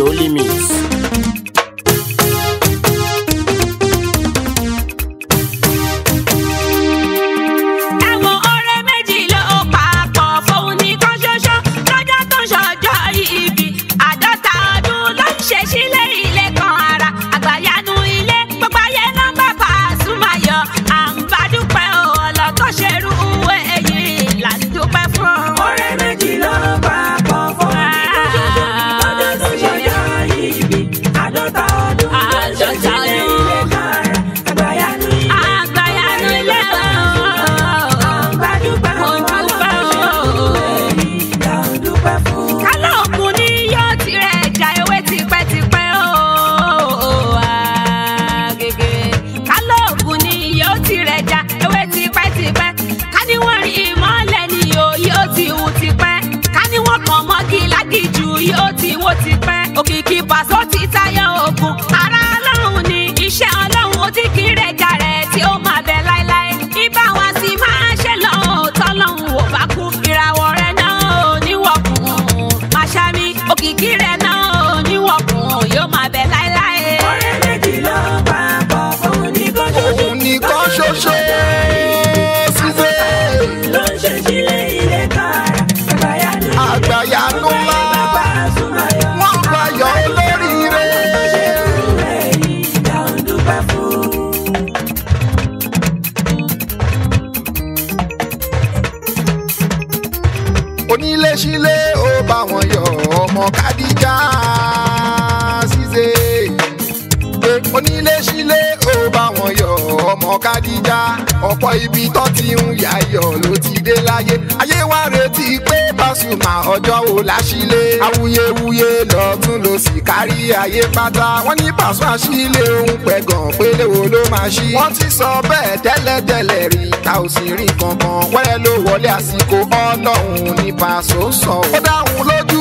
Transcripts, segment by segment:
No Limites. ṣe onílé sílé ó bá wọn yọ ọmọ kádìjà ọ̀pọ̀ ibi tó ti ń yà yọ ló ti dé láyé ayé wa retí pé Pasuma ọjọ́ wo láṣílé awuyewuye lọ́tún ló sì kárí ayé pátá wọ́n ní Pasuma sílé òun pẹ̀gàn pélé wo ló máa ṣí wọ́n ti sọ bẹ́ẹ̀ tẹ́lẹ̀tẹ́lẹ̀ rí ta ò sì rí kankan wẹ́rẹ́ ló wọlé àsìkò ọlọ́run ní Pasuma sọ ó dáhùn lójú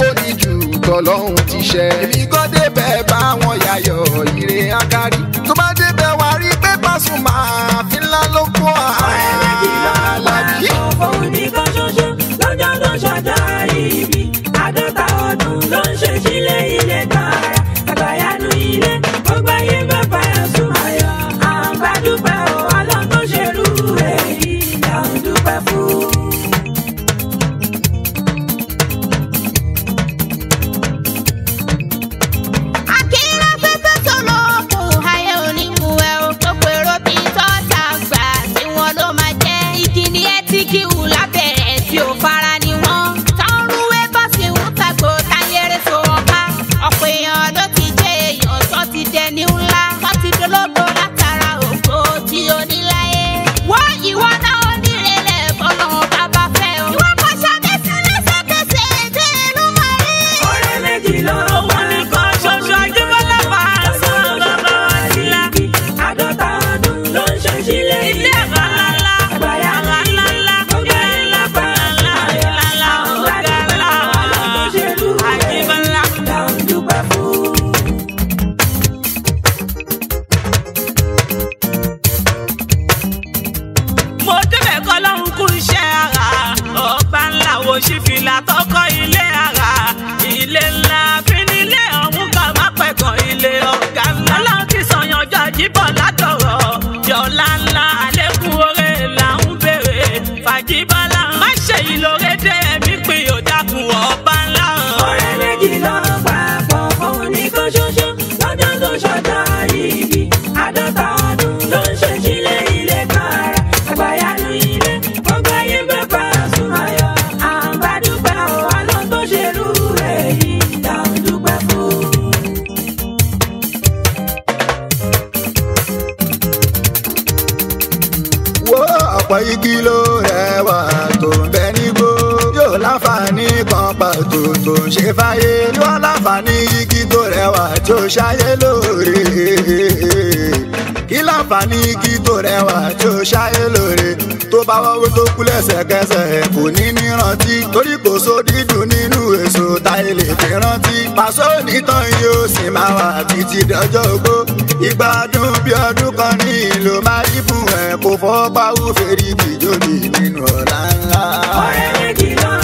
kó ní jù tọ́lọ́hún ti ṣẹ. èmi kọ́ débẹ̀ bá wọn yàyọ̀ ire akari tó bá débẹ̀ wá rí pé Pasuma àfi ńlá ló kó àárẹ̀. ọ̀pọ̀ igi ló rẹwà tó ń bẹ nígbó yóò láǹfààní kan pàtó tó ń ṣe fáyé yóò láǹfààní igi tó rẹwà tó ṣayé lóore kí láǹfààní igi tó rẹwà tó ṣayé lóore tó bá wọ́wọ́ tó kú lẹ́sẹ̀kẹsẹ̀ kò ní ní rántí torí kò só dídùn nínú èso táyé lè fi rántí pàṣẹ onítàn yóò sì máa wà títí dọjọ́ ogbó ìgbádùn bí ọdún kan ní ìlú máa yí kò fọ́ báwo fèrè gbìjọ́ mi nínú ọ̀la ńlá. ọ̀rẹ́ méjì lọ́rùn.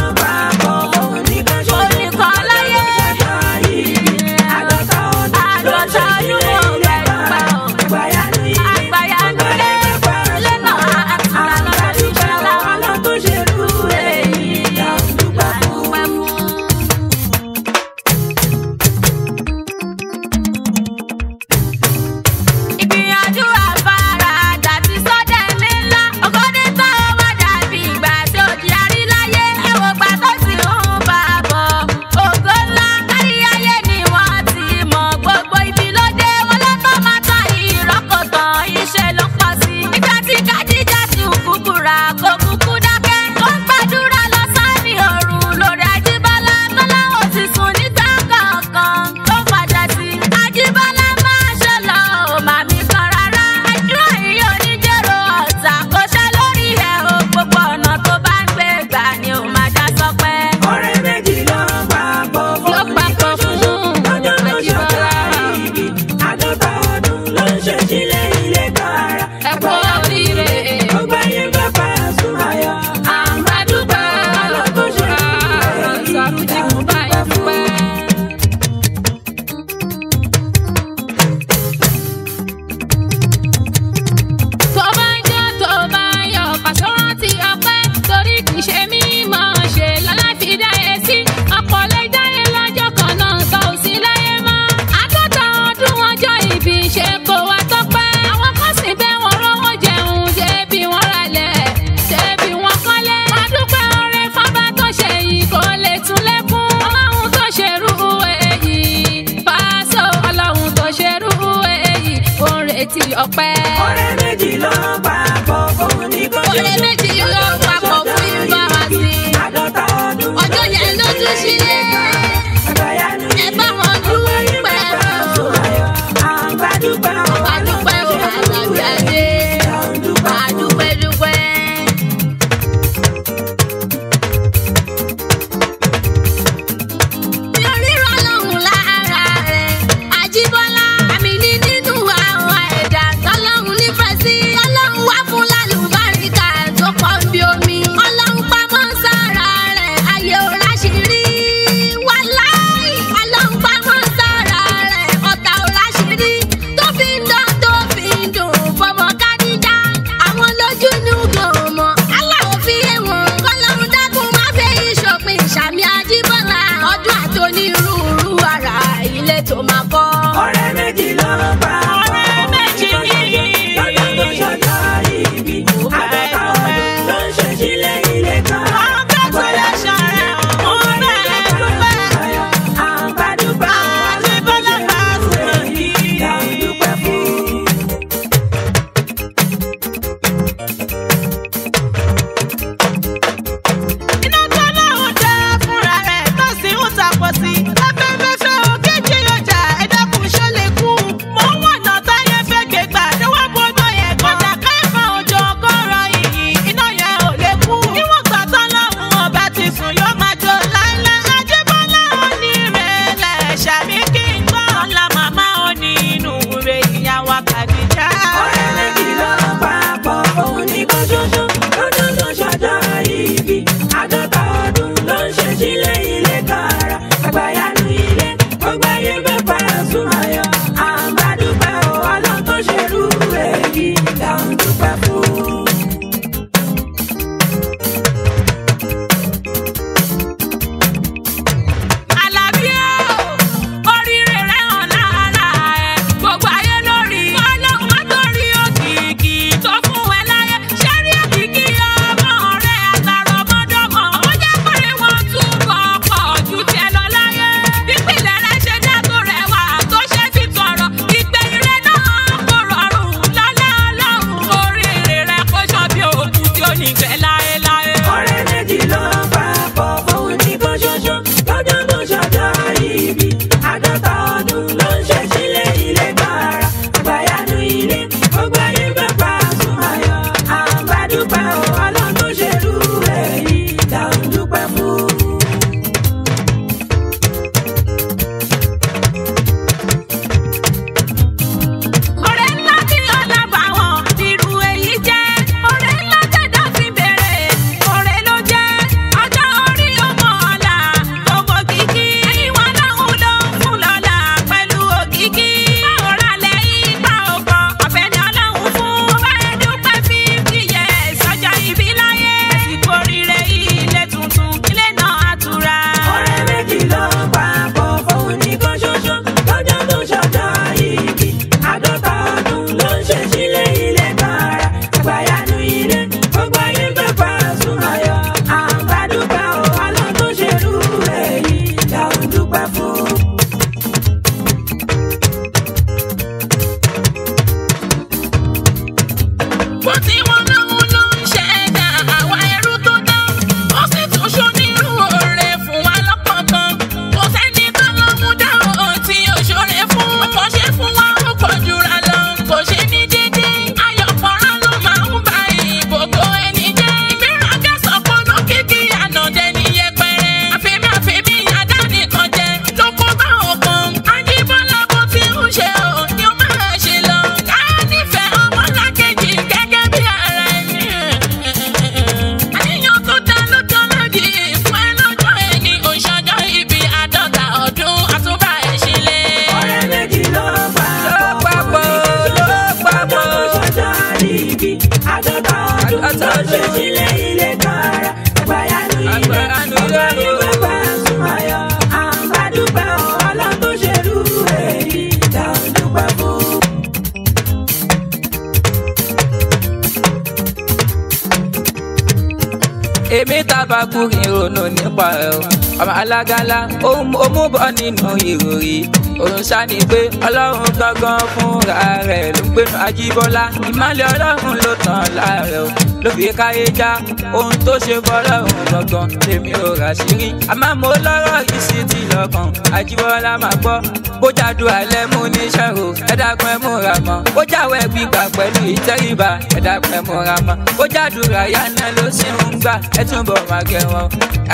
kákú kí n ronú nípa ẹ̀ o ọmọ alágànlá ó mú bọ́ nínú ìròrí òun ṣáni pé ọlọ́run gangan fúnra rẹ̀ ló ń gbénu ajíbọ́lá ìmọ̀lẹ̀ ọlọ́run ló tàn láàrẹ̀ o ló fi káyé já ohun tó ṣe bọ́lá òun gangan tèmi ò rà sírí àmọ́ mo lọ́rọ̀ yìí sí ti lọ́kàn àjíbọ́lá máa gbọ́ bójà du alẹ́ mú ní ṣàrò ẹ̀dàkùn ẹ̀mú ra mọ́ bójà wẹ̀ gbígbà pẹ̀lú ìtẹríba ẹ̀dàkùn ẹ̀mú ra mọ́ bójà du ràyà náà ló sì ń gbà ẹ̀ túnbọ̀ máa gẹ̀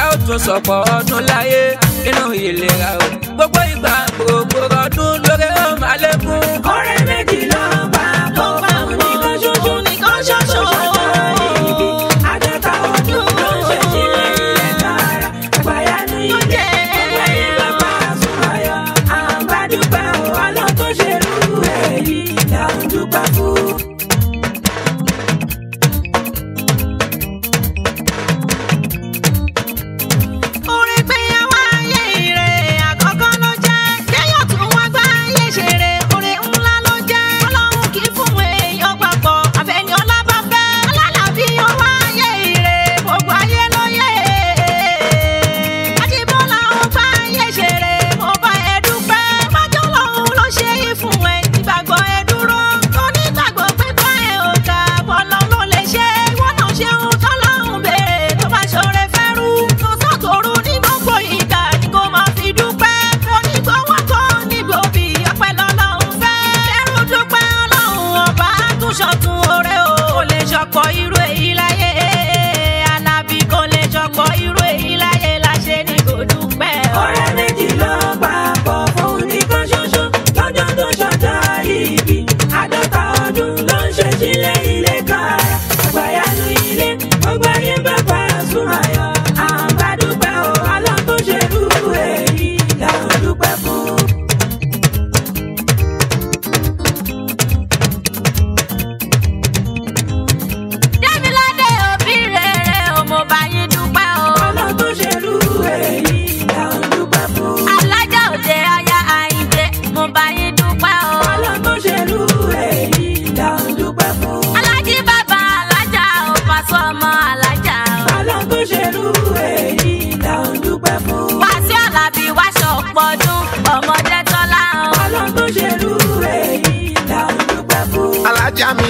ẹ ó tún sọ̀pọ̀ ọdún láyé nínú ìlera o gbogbo ìgbà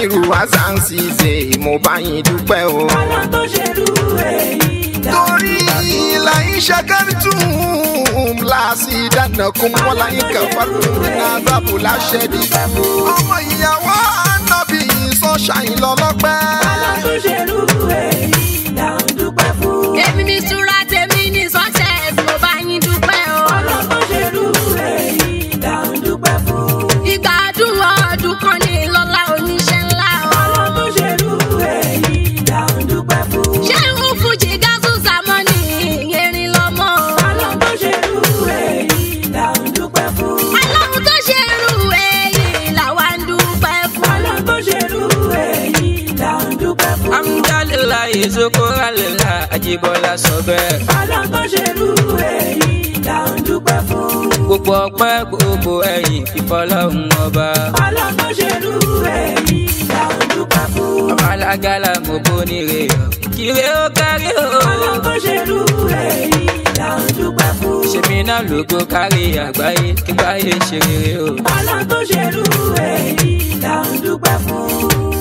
tairu hasan ṣiṣe mo bá yín dúpẹ́ o. ọ̀nà tó ṣe rú èyí. torí ìlàyín ṣàkàtún láàṣì dáná kún wọn láyín kan fọlùmí náà dábò láṣẹ bí. ọmọ ìyàwó ànábì sọ́ṣà ìlọ́lọ́pẹ́. ọ̀nà tó ṣe rú èyí là dúpẹ́ fún. èmi ni fọlọ́hún ọba. ọlọ́run ṣèlú èyí ìyá òdùpá fún. ọmọ alágàlà mo bó ní rè ọ kiri ó kárí o. ọlọ́run ṣèlú èyí ìyá òdùpá fún. ṣèmi náà lógo kárí àgbáyé kígbáyé ṣe rere o. ọlọ́run ṣèlú èyí ìyá òdùpá fún.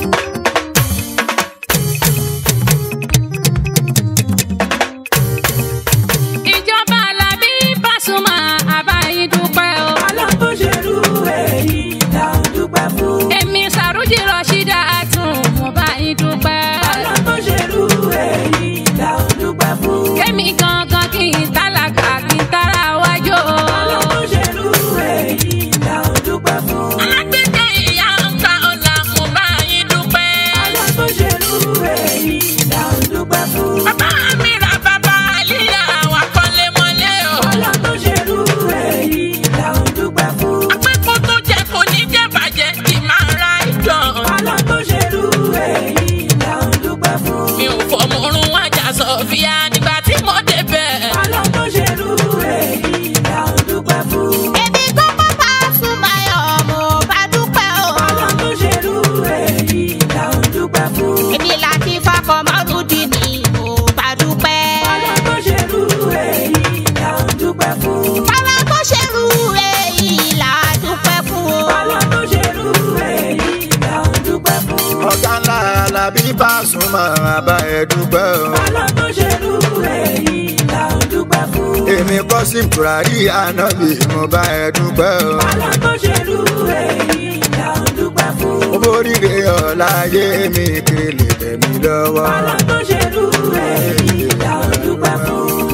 máa bá ẹ dúpẹ́ o. Bálọ̀ tó ṣe lúkú èyí là ó dúpẹ́ fún. Èmi kọ́ sí Bùrárí Ànábì mo bá ẹ dúpẹ́ o. Bálọ̀ ṣe lúkú èyí là ó dúpẹ́ fún. Ó bóríire ọ̀la ayé mi kele tẹ̀mí lọ́wọ́. Bálọ̀ tó ṣe lúkú èyí là ó dúpẹ́ fún.